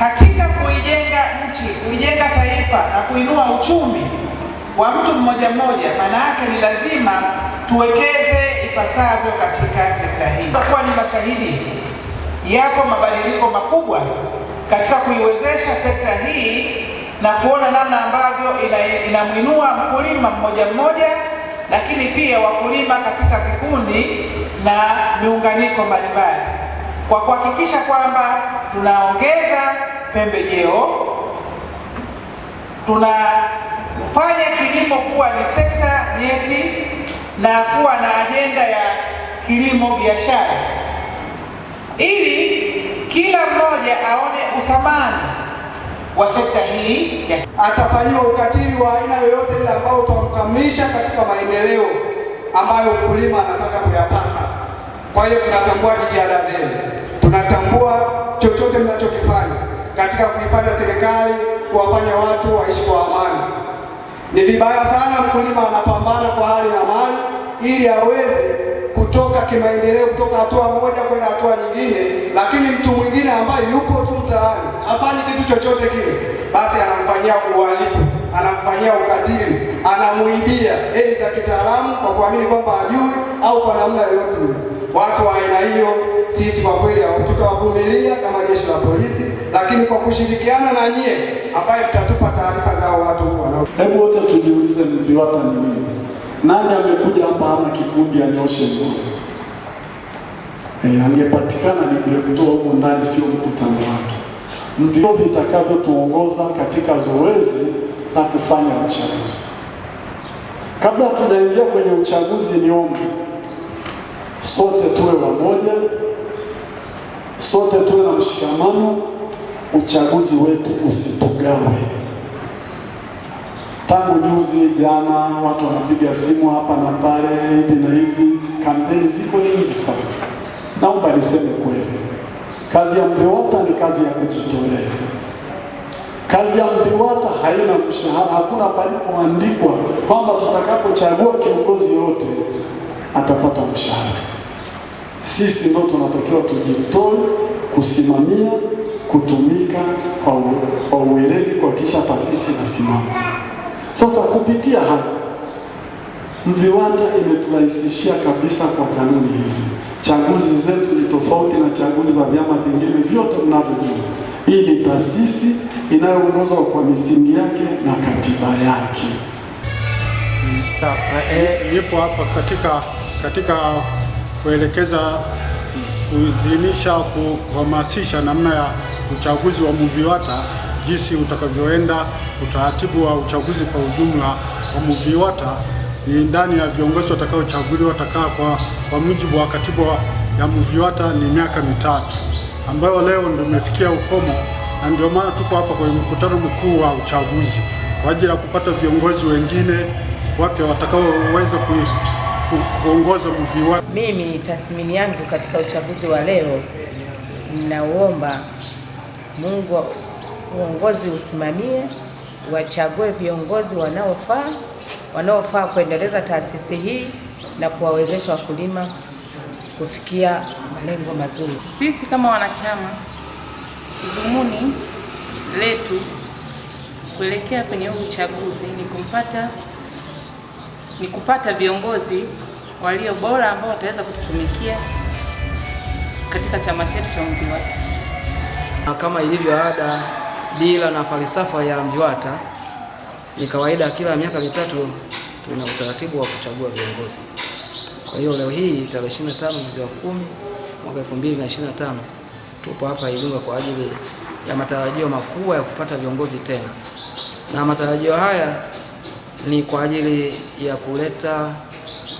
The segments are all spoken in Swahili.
Katika kuijenga nchi, kuijenga taifa na kuinua uchumi wa mtu mmoja mmoja, maana yake ni lazima tuwekeze ipasavyo katika sekta hii. Tutakuwa ni mashahidi, yapo mabadiliko makubwa katika kuiwezesha sekta hii na kuona namna ambavyo inamwinua ina mkulima mmoja mmoja, lakini pia wakulima katika vikundi na miunganiko mbalimbali kwa kuhakikisha kwamba tunaongeza pembejeo, tunafanya kilimo kuwa ni sekta nyeti na kuwa na ajenda ya kilimo biashara, ili kila mmoja aone uthamani wa sekta hii. Atafanyiwa ukatili wa aina yoyote ile ambao utamkamisha katika maendeleo ambayo mkulima anataka kuyapata. Kwa hiyo tunatambua jitihada zenu, tunatambua chochote mnachokifanya katika kuipanda serikali kuwafanya watu waishi kwa amani. Ni vibaya sana mkulima anapambana kwa hali na mali ili aweze kutoka kimaendeleo, kutoka hatua moja kwenda hatua nyingine, lakini mtu mwingine ambaye yupo tu mtaani afanye kitu chochote kile, basi anamfanyia uhalifu, anamfanyia ukatili, anamuibia eli za kitaalamu kwa kuamini kwamba ajui au kwa namna yoyote. Watu wa aina hiyo sisi kwa kweli tutawavumilia kama jeshi la polisi, lakini kwa kushirikiana na nyie ambaye mtatupa taarifa zao watu wanao. Hebu wote tujiulize, VIWATA ni nini? Nani amekuja hapa ana kikundi anyoshe mkono? Eh, angepatikana ningemtoa huko ndani, sio mkutano wake. Ndivyo vitakavyotuongoza katika zoezi la kufanya uchaguzi. Kabla tunaingia kwenye uchaguzi, niombe sote tuwe wamoja sote tuwe na mshikamano, uchaguzi wetu usipogawe. Tangu juzi jana, watu wanapiga simu hapa na pale, hivi na hivi, kampeni ziko nyingi sana. Naomba niseme kweli, kazi ya MVIWATA ni kazi ya kujitolea. Kazi ya MVIWATA haina mshahara, hakuna palipoandikwa kwamba tutakapochagua kiongozi yote atapata mshahara. Sisi ndio tunatakiwa tujitoe kusimamia kutumika kwa uweledi kuhakikisha taasisi inasimama. Sasa kupitia hapa Mviwata imeturahisishia kabisa kwa kanuni hizi. Chaguzi zetu ni tofauti na chaguzi za vyama vingine vyote mnavyojua. Hii ni taasisi inayoongozwa kwa misingi yake na katiba yake. Eh, eh, nipo hapa katika katika kuelekeza, kuidhinisha, kuhamasisha namna ya uchaguzi wa MUVIWATA, jinsi utakavyoenda utaratibu wa uchaguzi kwa ujumla wa MUVIWATA ni ndani ya viongozi watakaochaguliwa watakaa kwa, kwa mujibu wa katiba ya MUVIWATA ni miaka mitatu ambayo leo ndio imefikia ukomo, na ndio maana tuko hapa kwenye mkutano mkuu wa uchaguzi kwa ajili ya kupata viongozi wengine wapya watakaoweza ku kuongoza wa Mimi tathmini yangu katika uchaguzi wa leo, ninauomba Mungu uongozi usimamie, wachague viongozi wanaofaa wanaofaa kuendeleza taasisi hii na kuwawezesha wakulima kufikia malengo mazuri. Sisi kama wanachama, dhumuni letu kuelekea kwenye huu uchaguzi ni kumpata ni kupata viongozi walio bora ambao wataweza kututumikia katika chama chetu cha MVIWATA. Kama ilivyo ada, dira na falsafa ya MVIWATA, ni kawaida kila miaka mitatu tuna utaratibu wa kuchagua viongozi. Kwa hiyo leo hii tarehe 25 mwezi wa 10 mwaka 2025 tupo hapa Igunga kwa ajili ya matarajio makubwa ya kupata viongozi tena, na matarajio haya ni kwa ajili ya kuleta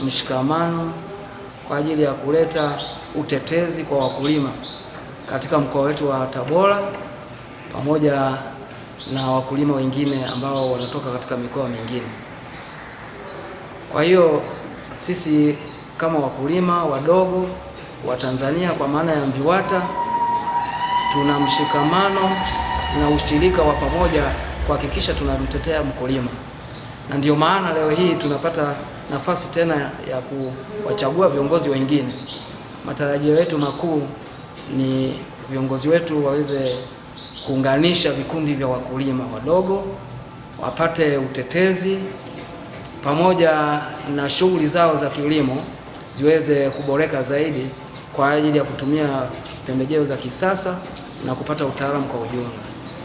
mshikamano, kwa ajili ya kuleta utetezi kwa wakulima katika mkoa wetu wa Tabora pamoja na wakulima wengine ambao wanatoka katika mikoa mingine. Kwa hiyo sisi kama wakulima wadogo wa Tanzania kwa maana ya MVIWATA tuna mshikamano na ushirika wa pamoja kuhakikisha tunamtetea mkulima na ndio maana leo hii tunapata nafasi tena ya kuwachagua viongozi wengine. Matarajio yetu makuu ni viongozi wetu waweze kuunganisha vikundi vya wakulima wadogo, wapate utetezi pamoja na shughuli zao za kilimo ziweze kuboreka zaidi kwa ajili ya kutumia pembejeo za kisasa na kupata utaalamu kwa ujumla.